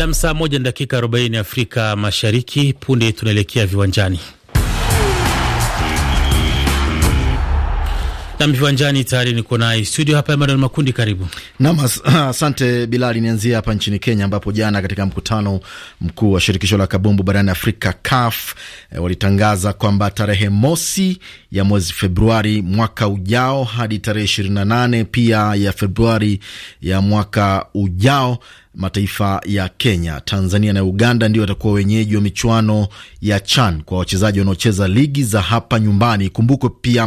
Nam, saa moja na dakika arobaini Afrika Mashariki. Punde tunaelekea viwanjani. Nam, viwanjani tayari niko naye studio hapa Emmanuel Makundi, karibu nam. Asante Bilali, nianzie hapa nchini Kenya ambapo jana katika mkutano mkuu wa shirikisho la kabumbu barani Afrika CAF e, walitangaza kwamba tarehe mosi ya mwezi Februari mwaka ujao hadi tarehe ishirini na nane pia ya Februari ya mwaka ujao mataifa ya Kenya, Tanzania na Uganda ndio watakuwa wenyeji wa michuano ya CHAN kwa wachezaji wanaocheza ligi za hapa nyumbani. Kumbukwe pia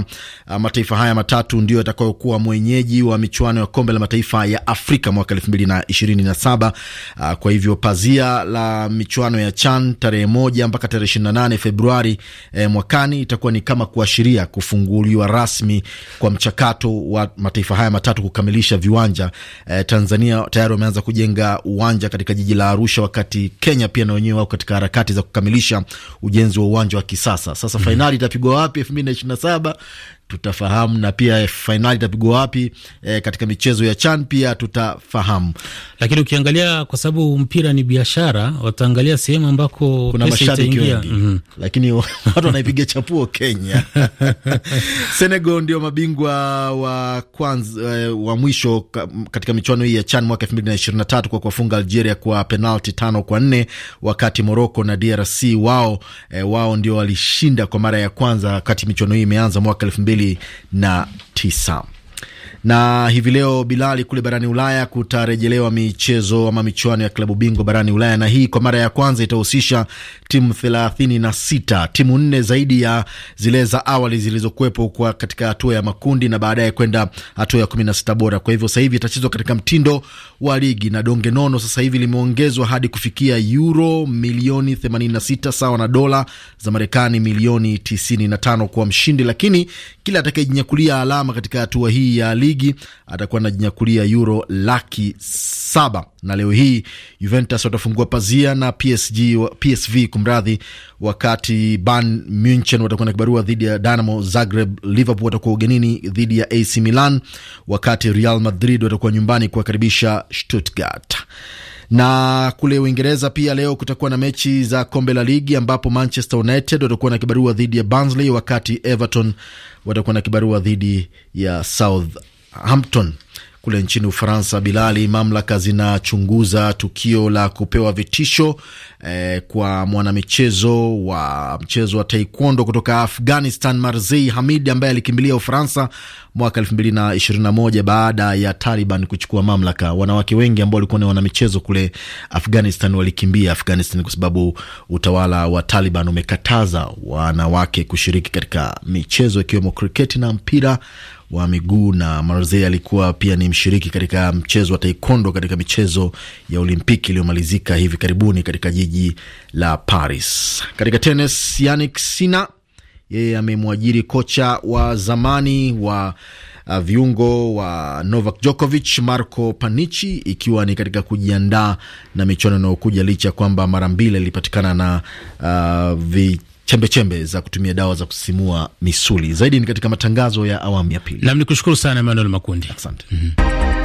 uh, mataifa haya matatu ndio yatakayokuwa mwenyeji wa michuano ya kombe la mataifa ya Afrika mwaka elfu mbili na ishirini na saba. Uh, kwa hivyo pazia la michuano ya CHAN tarehe moja mpaka tarehe ishirini na nane Februari eh, mwakani itakuwa ni kama kuashiria kufunguliwa rasmi kwa mchakato wa mataifa haya matatu kukamilisha viwanja eh, Tanzania tayari wameanza kujenga uwanja katika jiji la Arusha, wakati Kenya pia na wenyewe wako katika harakati za kukamilisha ujenzi wa uwanja wa kisasa. Sasa mhm. fainali itapigwa wapi elfu mbili na ishirini na saba tutafahamu, na pia fainali itapigwa wapi e, katika michezo ya CHAN pia tutafahamu. Lakini ukiangalia kwa sababu mpira ni biashara, wataangalia sehemu ambako kuna mashabiki wengi mm -hmm. Lakini watu wanaipiga chapuo Kenya Senegal ndio mabingwa wa kwanza eh, wa mwisho katika michuano hii ya CHAN mwaka elfu mbili na tatu kwa kuwafunga Algeria kwa penalti tano kwa nne, wakati Moroko na DRC wao e, wao ndio walishinda kwa mara ya kwanza wakati michuano hii imeanza mwaka elfu mbili mbili na tisa na hivi leo Bilali, kule barani Ulaya kutarejelewa michezo ama michuano ya klabu bingwa barani Ulaya, na hii kwa mara ya kwanza itahusisha timu thelathini na sita, timu nne zaidi ya zile za awali zilizokuwepo kwa katika hatua ya makundi na baadaye kwenda hatua ya kumi na sita bora. Kwa hivyo sasa hivi itachezwa katika mtindo wa ligi, na donge nono sasa hivi limeongezwa hadi kufikia euro milioni 86 sawa na dola za Marekani milioni 95 kwa mshindi, lakini kila atakayejinyakulia alama katika hatua hii ya ligi atakuwa anajinyakulia euro laki saba. Na leo hii Juventus watafungua pazia na PSG, PSV kumradhi, wakati Bayern Munchen watakuwa na kibarua dhidi ya Dynamo Zagreb. Liverpool watakuwa ugenini dhidi ya AC Milan, wakati Real Madrid watakuwa nyumbani kuwakaribisha Stuttgart. Na kule Uingereza pia leo kutakuwa na mechi za kombe la ligi ambapo Manchester United watakuwa na kibarua dhidi ya bansley wakati Everton watakuwa na kibarua dhidi ya Southampton. Kule nchini Ufaransa, Bilali, mamlaka zinachunguza tukio la kupewa vitisho eh, kwa mwanamichezo wa mchezo wa taekwondo kutoka Afghanistan Marzei Hamid ambaye alikimbilia Ufaransa mwaka elfu mbili na na ishirini moja baada ya Taliban kuchukua mamlaka. Wanawake wengi ambao walikuwa ni wanamichezo kule Afghanistan walikimbia Afghanistan kwa sababu utawala wa Taliban umekataza wanawake kushiriki katika michezo ikiwemo kriketi na mpira wa miguu na Marzei alikuwa pia ni mshiriki katika mchezo wa taekwondo katika michezo ya Olimpiki iliyomalizika hivi karibuni katika jiji jiji la Paris. Katika tenis, Jannik Sinner yeye amemwajiri kocha wa zamani wa uh, viungo wa Novak Djokovic Marco Panichi, ikiwa ni katika kujiandaa na michuano inayokuja, licha ya kwamba mara mbili alipatikana na uh, vichembechembe za kutumia dawa za kusisimua misuli. Zaidi ni katika matangazo ya awamu ya pili. Nam ni kushukuru sana Emmanuel Makundi, asante. mm -hmm.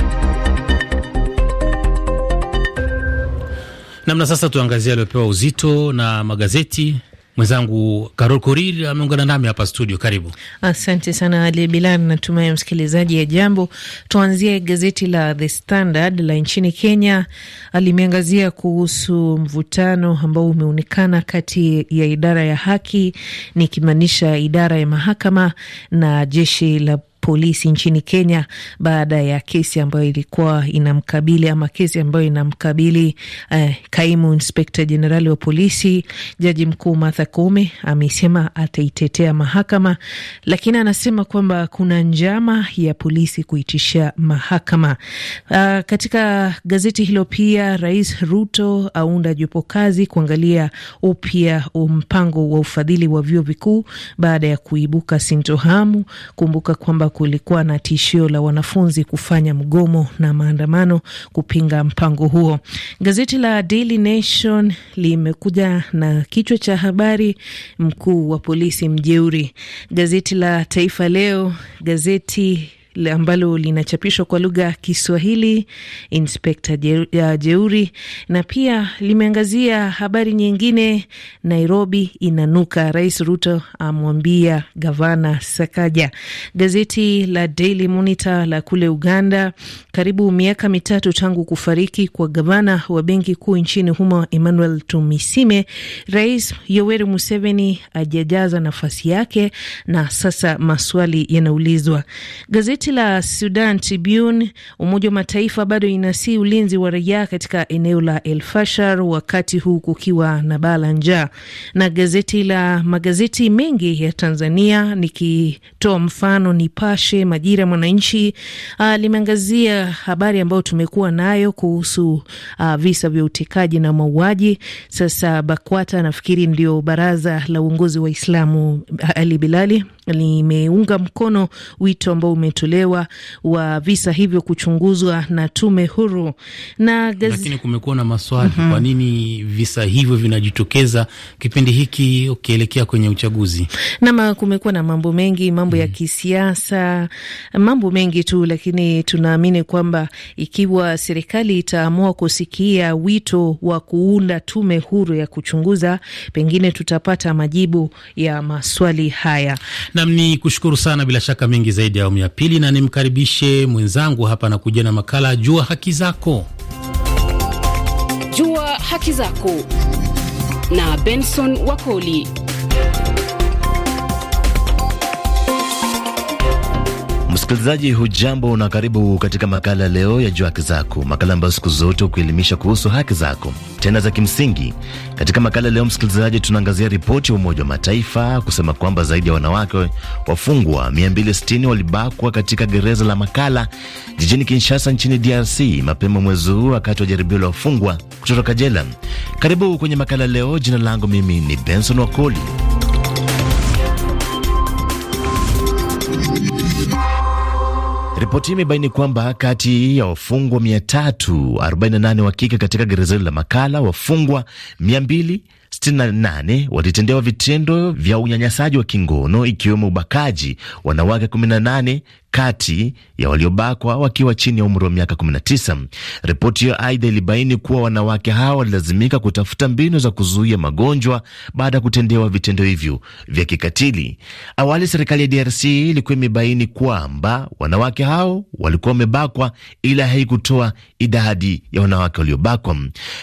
namna. Sasa tuangazie aliopewa uzito na magazeti. Mwenzangu Karol Koriri ameungana nami hapa studio. Karibu. Asante sana Ali Bilal, natumai msikilizaji ya jambo. Tuanzie gazeti la The Standard la nchini Kenya, limeangazia kuhusu mvutano ambao umeonekana kati ya idara ya haki, nikimaanisha idara ya mahakama na jeshi la polisi nchini Kenya baada ya kesi ambayo ilikuwa inamkabili ama kesi ambayo inamkabili uh, kaimu inspekta jenerali wa polisi. Jaji mkuu Martha Koome amesema ataitetea mahakama, lakini anasema kwamba kuna njama ya polisi kuitisha mahakama. Uh, katika gazeti hilo pia Rais Ruto aunda jopo kazi kuangalia upya mpango wa ufadhili wa vyuo vikuu baada ya kuibuka sintohamu. Kumbuka kwamba kulikuwa na tishio la wanafunzi kufanya mgomo na maandamano kupinga mpango huo. Gazeti la Daily Nation limekuja na kichwa cha habari, mkuu wa polisi mjeuri. Gazeti la Taifa Leo, gazeti ambalo linachapishwa kwa lugha ya Kiswahili, Inspekta Jeuri, na pia limeangazia habari nyingine, Nairobi inanuka, Rais Ruto amwambia gavana Sakaja. Gazeti la Daily Monitor la kule Uganda, karibu miaka mitatu tangu kufariki kwa gavana wa benki kuu nchini humo Emmanuel Tumisime, Rais Yoweri Museveni ajajaza nafasi yake, na sasa maswali yanaulizwa. Gazeti Gazeti la Sudan Tribune, Umoja wa Mataifa bado inasi ulinzi wa raia katika eneo la El Fashar wakati huu kukiwa na baa la njaa. Na gazeti la magazeti mengi ya Tanzania, nikitoa mfano Nipashe, Majira, Mwananchi ah, limeangazia habari ambayo tumekuwa nayo kuhusu a, ah, visa vya utekaji na mauaji. Sasa BAKWATA nafikiri ndio baraza la uongozi wa Islamu Ali Bilali limeunga mkono wito ambao umetolewa wa visa hivyo kuchunguzwa na tume huru na gaz... Lakini kumekuwa na maswali mm -hmm. Kwa nini visa hivyo vinajitokeza kipindi hiki ukielekea kwenye uchaguzi? Nama kumekuwa na mambo mengi, mambo mm -hmm. ya mhm. kisiasa, mambo mengi tu, lakini tunaamini kwamba ikiwa serikali itaamua kusikia wito wa kuunda tume huru ya kuchunguza, pengine tutapata majibu ya maswali haya. Nam ni kushukuru sana, bila shaka mengi zaidi ya awamu ya pili, na nimkaribishe mwenzangu hapa na kuja na makala Jua Haki Zako. Jua Haki Zako na Benson Wakoli. Msikilizaji hujambo na karibu katika makala leo ya Jua Haki Zako, makala ambayo siku zote hukuelimisha kuhusu haki zako tena za kimsingi. Katika makala leo, msikilizaji, tunaangazia ripoti ya Umoja wa Mataifa kusema kwamba zaidi ya wanawake wafungwa 260 walibakwa katika gereza la Makala jijini Kinshasa nchini DRC mapema mwezi huu wakati wa jaribio la wafungwa kutoroka jela. Karibu kwenye makala leo. Jina langu mimi ni Benson Wakoli. Ripoti imebaini kwamba kati ya wafungwa 348 wa kike katika gereza la Makala, wafungwa 268 walitendewa vitendo vya unyanyasaji wa kingono ikiwemo ubakaji, wanawake 18 kati ya waliobakwa wakiwa chini ya umri wa miaka 19. Ripoti hiyo aidha ilibaini kuwa wanawake hawa walilazimika kutafuta mbinu za kuzuia magonjwa baada ya kutendewa vitendo hivyo vya kikatili. Awali serikali ya DRC ilikuwa imebaini kwamba wanawake hao walikuwa wamebakwa, ila haikutoa idadi ya wanawake waliobakwa.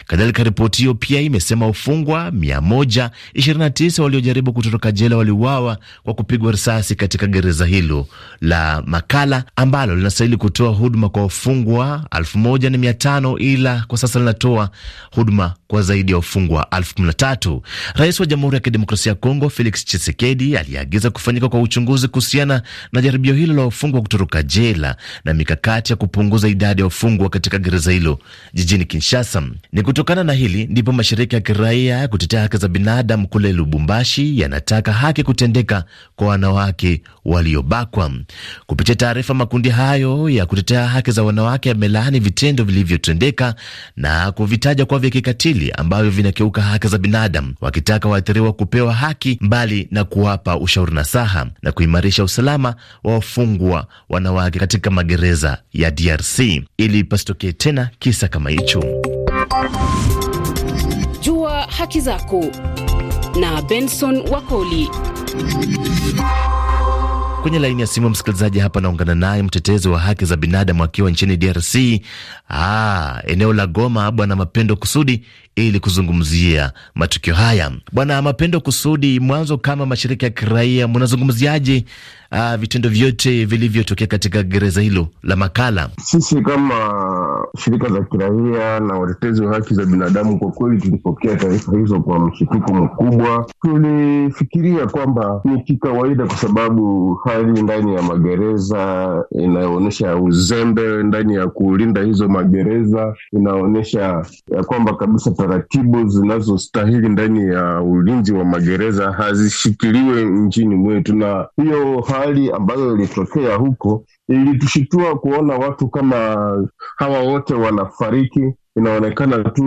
Kadhalika, ripoti hiyo pia imesema ufungwa 129 waliojaribu kutoroka jela waliuawa kwa kupigwa risasi katika gereza hilo la makala ambalo linastahili kutoa huduma kwa wafungwa elfu ila kwa sasa linatoa huduma kwa zaidi ya wafungwa 13. Rais wa Jamhuri ya Kidemokrasia ya Kongo Felix Tshisekedi aliyeagiza kufanyika kwa uchunguzi kuhusiana na jaribio hilo la wafungwa kutoroka jela na mikakati ya kupunguza idadi ya wafungwa katika gereza hilo jijini Kinshasa. Ni kutokana na hili ndipo mashirika ya kiraia ya kutetea haki za binadamu kule Lubumbashi yanataka haki kutendeka kwa wanawake waliobakwa. Kupitia taarifa, makundi hayo ya kutetea haki za wanawake yamelaani vitendo vilivyotendeka na kuvitaja kuwa vya kikatili ambavyo vinakiuka haki za binadamu, wakitaka waathiriwa kupewa haki mbali na kuwapa ushauri nasaha na kuimarisha usalama wa wafungwa wanawake katika magereza ya DRC ili pasitokee tena kisa kama hicho. Jua haki zako na Benson Wakoli. Kwenye laini ya simu msikilizaji, hapa naungana naye mtetezi wa haki za binadamu akiwa nchini DRC, ah, eneo la Goma, Bwana Mapendo Kusudi, ili kuzungumzia matukio haya. Bwana Mapendo Kusudi, mwanzo kama mashirika ya kiraia mnazungumziaje ah, vitendo vyote vilivyotokea katika gereza hilo la Makala? Sisi kama shirika za kiraia na watetezi wa haki za binadamu, kwa kweli tulipokea taarifa hizo kwa mshituko mkubwa. Tulifikiria kwamba ni kikawaida, kwa sababu hali ndani ya magereza inayoonyesha uzembe ndani ya kulinda hizo magereza, inaonyesha ya kwamba kabisa taratibu zinazostahili ndani ya ulinzi wa magereza hazishikiliwe nchini mwetu, na hiyo hali ambayo ilitokea huko Ilitushitua kuona watu kama hawa wote wanafariki inaonekana tu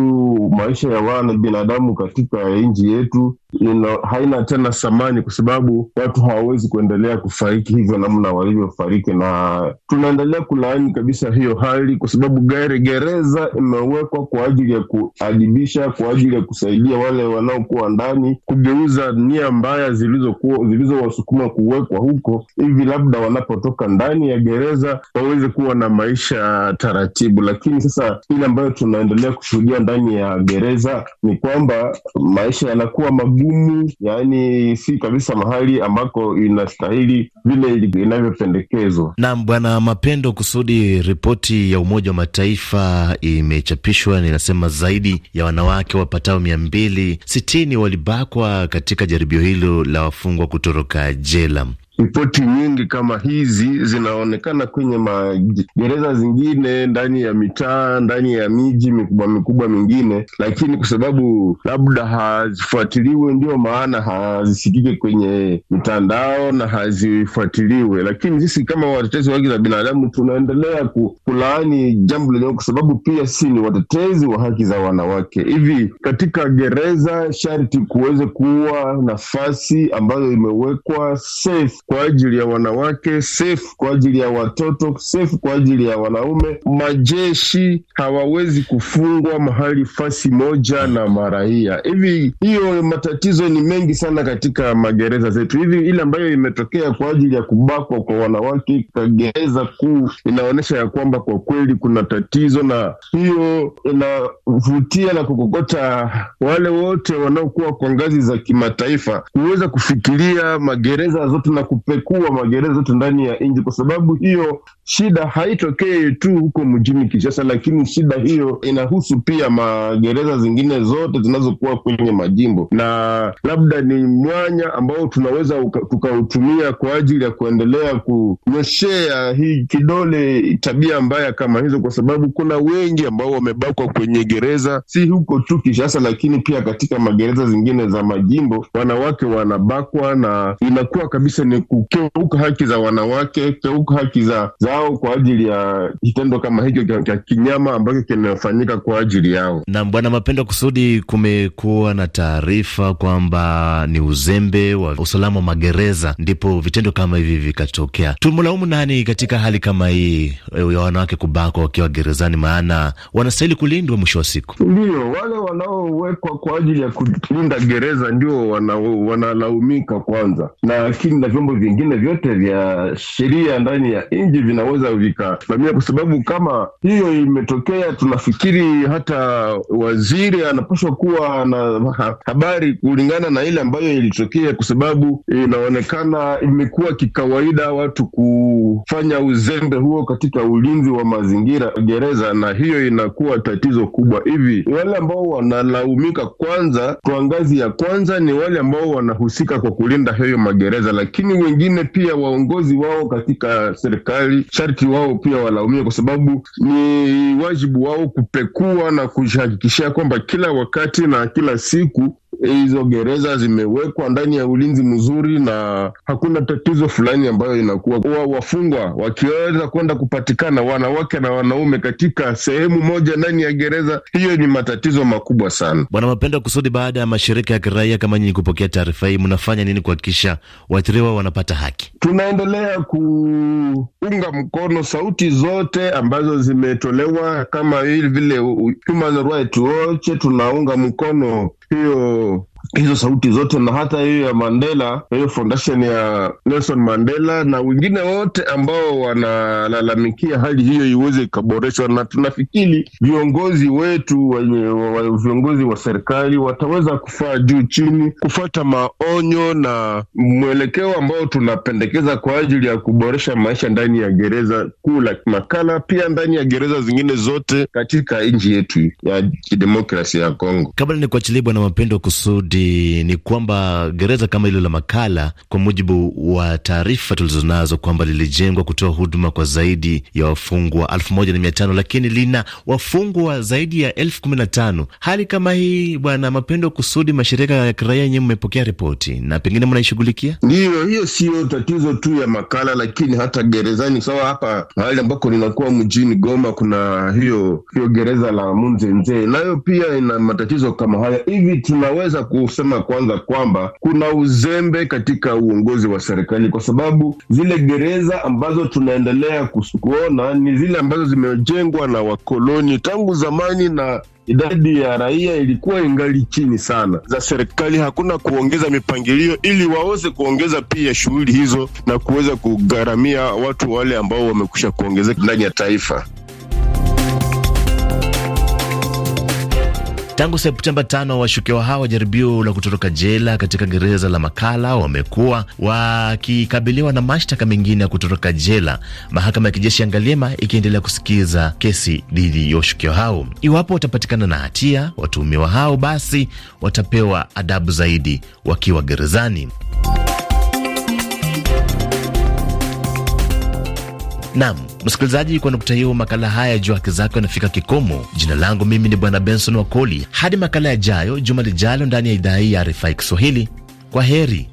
maisha ya wana binadamu katika nchi yetu ina, haina tena thamani, kwa sababu watu hawawezi kuendelea kufariki hivyo namna walivyofariki, na tunaendelea kulaani kabisa hiyo hali, kwa sababu gari gereza imewekwa kwa ajili ya kuadibisha, kwa ajili ya kusaidia wale wanaokuwa ndani, kugeuza nia mbaya zilizowasukuma kuwekwa huko, hivi labda wanapotoka ndani ya gereza waweze kuwa na maisha taratibu. Lakini sasa ile ambayo tuna tunaendelea kushuhudia ndani ya gereza ni kwamba maisha yanakuwa magumu, yaani si kabisa mahali ambako inastahili vile inavyopendekezwa. Naam, Bwana Mapendo Kusudi, ripoti ya Umoja wa Mataifa imechapishwa ninasema, zaidi ya wanawake wapatao mia mbili sitini walibakwa katika jaribio hilo la wafungwa kutoroka jela. Ripoti nyingi kama hizi zinaonekana kwenye magereza zingine, ndani ya mitaa, ndani ya miji mikubwa mikubwa mingine, lakini kwa sababu labda hazifuatiliwe, ndiyo maana hazisikike kwenye mitandao na hazifuatiliwe. Lakini sisi kama watetezi wa haki za binadamu tunaendelea kulaani jambo lenyewe, kwa sababu pia si ni watetezi wa haki za wanawake. Hivi katika gereza sharti kuweze kuwa nafasi ambayo imewekwa safe kwa ajili ya wanawake, safe kwa ajili ya watoto, safe kwa ajili ya wanaume. Majeshi hawawezi kufungwa mahali fasi moja na maraia hivi. Hiyo matatizo ni mengi sana katika magereza zetu. Hivi ile ambayo imetokea kwa ajili ya kubakwa kwa wanawake kagereza kuu inaonyesha ya kwamba kwa kweli kuna tatizo, na hiyo inavutia na kukokota wale wote wanaokuwa kwa ngazi za kimataifa kuweza kufikiria magereza zote na ku kupekua magereza yote ndani ya nji kwa sababu hiyo Shida haitokee tu huko mjini kishasa lakini shida hiyo inahusu pia magereza zingine zote zinazokuwa kwenye majimbo, na labda ni mwanya ambao tunaweza tukautumia kwa ajili ya kuendelea kunyoshea hii kidole tabia mbaya kama hizo, kwa sababu kuna wengi ambao wamebakwa kwenye gereza, si huko tu kishasa lakini pia katika magereza zingine za majimbo, wanawake wanabakwa, na inakuwa kabisa ni kukeuka haki za wanawake, keuka haki za, za yao kwa ajili ya kitendo kama hicho cha kinyama ambacho kinafanyika kwa ajili yao. Na Bwana Mapendo Kusudi, kumekuwa na taarifa kwamba ni uzembe wa usalama wa magereza ndipo vitendo kama hivi vikatokea. Tumlaumu nani katika hali kama hii e, ya wanawake kubakwa wakiwa gerezani? Maana wanastahili kulindwa mwisho wa siku. ndio wale wanaowekwa kwa ajili ya kulinda gereza ndio wanalaumika wana kwanza, na lakini na vyombo vingine vyote vya sheria ndani ya nchi vina vinaweza vikasimamia, kwa sababu kama hiyo imetokea, tunafikiri hata waziri anapaswa kuwa na habari kulingana na ile ambayo ilitokea, kwa sababu inaonekana imekuwa kikawaida watu kufanya uzembe huo katika ulinzi wa mazingira gereza, na hiyo inakuwa tatizo kubwa. Hivi wale ambao wanalaumika kwanza, kwa ngazi ya kwanza ni wale ambao wanahusika kwa kulinda hayo magereza, lakini wengine pia waongozi wao katika serikali sharti wao pia walaumia, kwa sababu ni wajibu wao kupekua na kujihakikishia kwamba kila wakati na kila siku hizo gereza zimewekwa ndani ya ulinzi mzuri, na hakuna tatizo fulani ambayo inakuwa wa wafungwa wakiweza kwenda kupatikana wanawake na wanaume katika sehemu moja ndani ya gereza, hiyo ni matatizo makubwa sana. Bwana Mapendo Kusudi, baada ya mashirika ya kiraia kama nyinyi kupokea taarifa hii, mnafanya nini kuhakikisha waathiriwa wanapata haki? Tunaendelea kuunga mkono sauti zote ambazo zimetolewa kama vile Human Rights Watch, tunaunga mkono que o hizo sauti zote na hata hiyo ya Mandela, hiyo foundation ya Nelson Mandela na wengine wote ambao wanalalamikia hali hiyo iweze ikaboreshwa, na tunafikiri viongozi wetu wa, wa, viongozi wa serikali wataweza kufaa juu chini kufata maonyo na mwelekeo ambao tunapendekeza kwa ajili ya kuboresha maisha ndani ya gereza kuu la Makala, pia ndani ya gereza zingine zote katika nchi yetu ya kidemokrasia ya Kongo. Kabla ni kuachilia, Bwana mapendo kusudi Mkamiti, ni kwamba gereza kama hilo la Makala, kwa mujibu wa taarifa tulizonazo, kwamba lilijengwa kutoa huduma kwa zaidi ya wafungwa elfu moja na mia tano lakini lina wafungwa zaidi ya elfu kumi na tano. Hali kama hii, Bwana Mapendo Kusudi, mashirika ya kiraia yenyewe, mmepokea ripoti na pengine mnaishughulikia? Ndiyo, hiyo siyo tatizo tu ya Makala, lakini hata gerezani sawa. Hapa mahali ambako ninakuwa mjini Goma, kuna hiyo hiyo gereza la Munzenze, nayo pia ina matatizo kama haya. Hivi tunaweza ku kusema kwanza kwamba kuna uzembe katika uongozi wa serikali, kwa sababu zile gereza ambazo tunaendelea kuona ni zile ambazo zimejengwa na wakoloni tangu zamani na idadi ya raia ilikuwa ingali chini sana. Za serikali hakuna kuongeza mipangilio ili waweze kuongeza pia shughuli hizo na kuweza kugharamia watu wale ambao wamekwisha kuongezeka ndani ya taifa. Tangu Septemba tano, washukiwa hao wa jaribio la kutoroka jela katika gereza la Makala wamekuwa wakikabiliwa na mashtaka mengine ya kutoroka jela, mahakama ya kijeshi ya Ngaliema ikiendelea kusikiza kesi dhidi ya washukiwa hao. Iwapo watapatikana na hatia, watuhumiwa hao basi watapewa adabu zaidi wakiwa gerezani. Nam msikilizaji, kwa nukta hiyo, makala haya juu haki zako yanafika kikomo. Jina langu mimi ni Bwana Benson Wakoli. Hadi makala yajayo juma lijalo ndani ya idhaa hii ya RFI Kiswahili, kwa heri.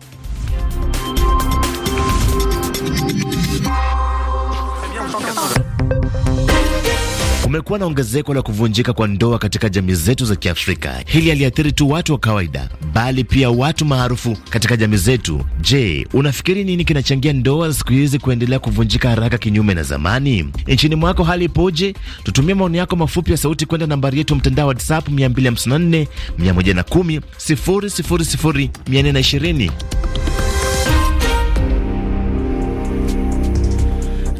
Kumekuwa na ongezeko la kuvunjika kwa ndoa katika jamii zetu za Kiafrika. Hili aliathiri tu watu wa kawaida, bali pia watu maarufu katika jamii zetu. Je, unafikiri nini kinachangia ndoa siku hizi kuendelea kuvunjika haraka kinyume na zamani? Nchini mwako hali ipoje? Tutumie maoni yako mafupi ya sauti kwenda nambari yetu mtandao wa WhatsApp 254 110 000 420.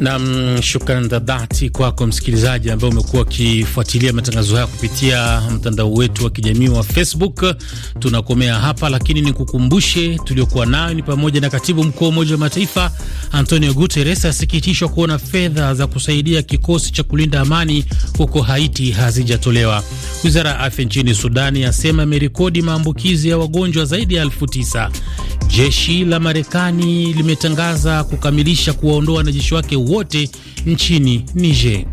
Nam, shukran za dhati kwako msikilizaji ambaye umekuwa ukifuatilia matangazo haya kupitia mtandao wetu wa kijamii wa Facebook. Tunakomea hapa, lakini nikukumbushe tuliokuwa nayo ni pamoja na katibu mkuu wa Umoja wa Mataifa Antonio Guterres asikitishwa kuona fedha za kusaidia kikosi cha kulinda amani huko Haiti hazijatolewa. Wizara ya afya nchini Sudani yasema imerekodi maambukizi ya wagonjwa zaidi ya elfu tisa. Jeshi la Marekani limetangaza kukamilisha kuwaondoa wanajeshi wake wote nchini Niger.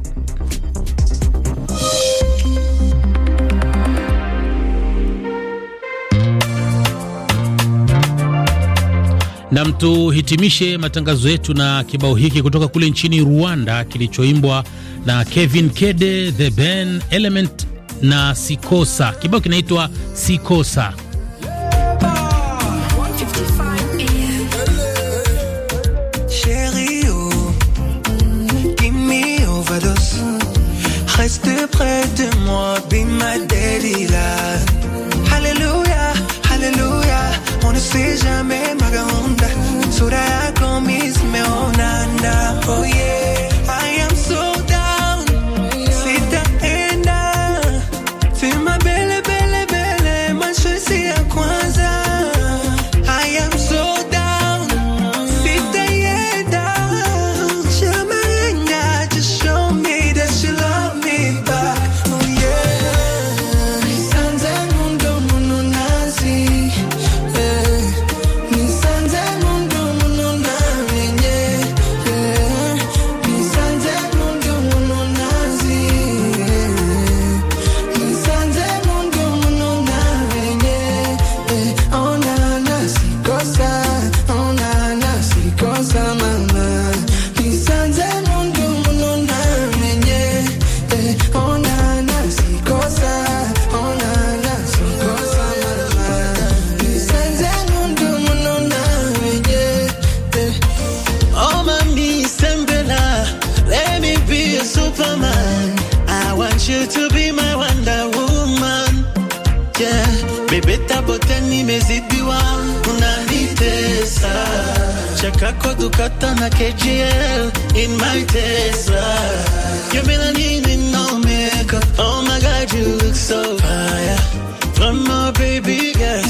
Na mtuhitimishe matangazo yetu na kibao hiki kutoka kule nchini Rwanda kilichoimbwa na Kevin Kede, The Ben Element na Sikosa. Kibao kinaitwa Sikosa. reste près de moi, be my daddy Bebeta bote nimezidiwa, unanitesa chakako dukata na KGL in my Tesla. You're melanin no makeup. Oh my God, you look so fire. One more baby, yeah,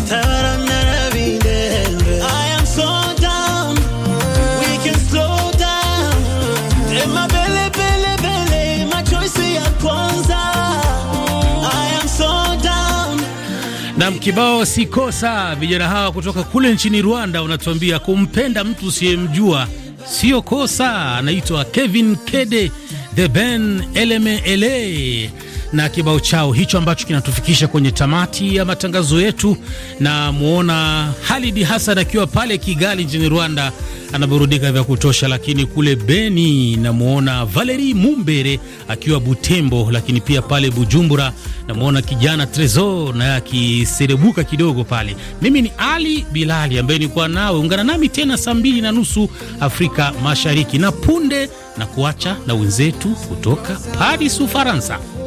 na mkibao sikosa. Vijana hawa kutoka kule nchini Rwanda wanatuambia kumpenda mtu usiyemjua sio kosa. Anaitwa Kevin Kede the Ben Eleme Ele na kibao chao hicho ambacho kinatufikisha kwenye tamati ya matangazo yetu. Na muona Halidi Hassan akiwa pale Kigali nchini Rwanda anaburudika vya kutosha, lakini kule Beni namwona Valeri Mumbere akiwa Butembo, lakini pia pale Bujumbura namwona kijana Tresor naye akiserebuka kidogo pale. Mimi ni Ali Bilali ambaye nikuwa nawe, ungana nami tena saa mbili na nusu Afrika Mashariki na punde na kuacha na wenzetu kutoka Paris, Ufaransa.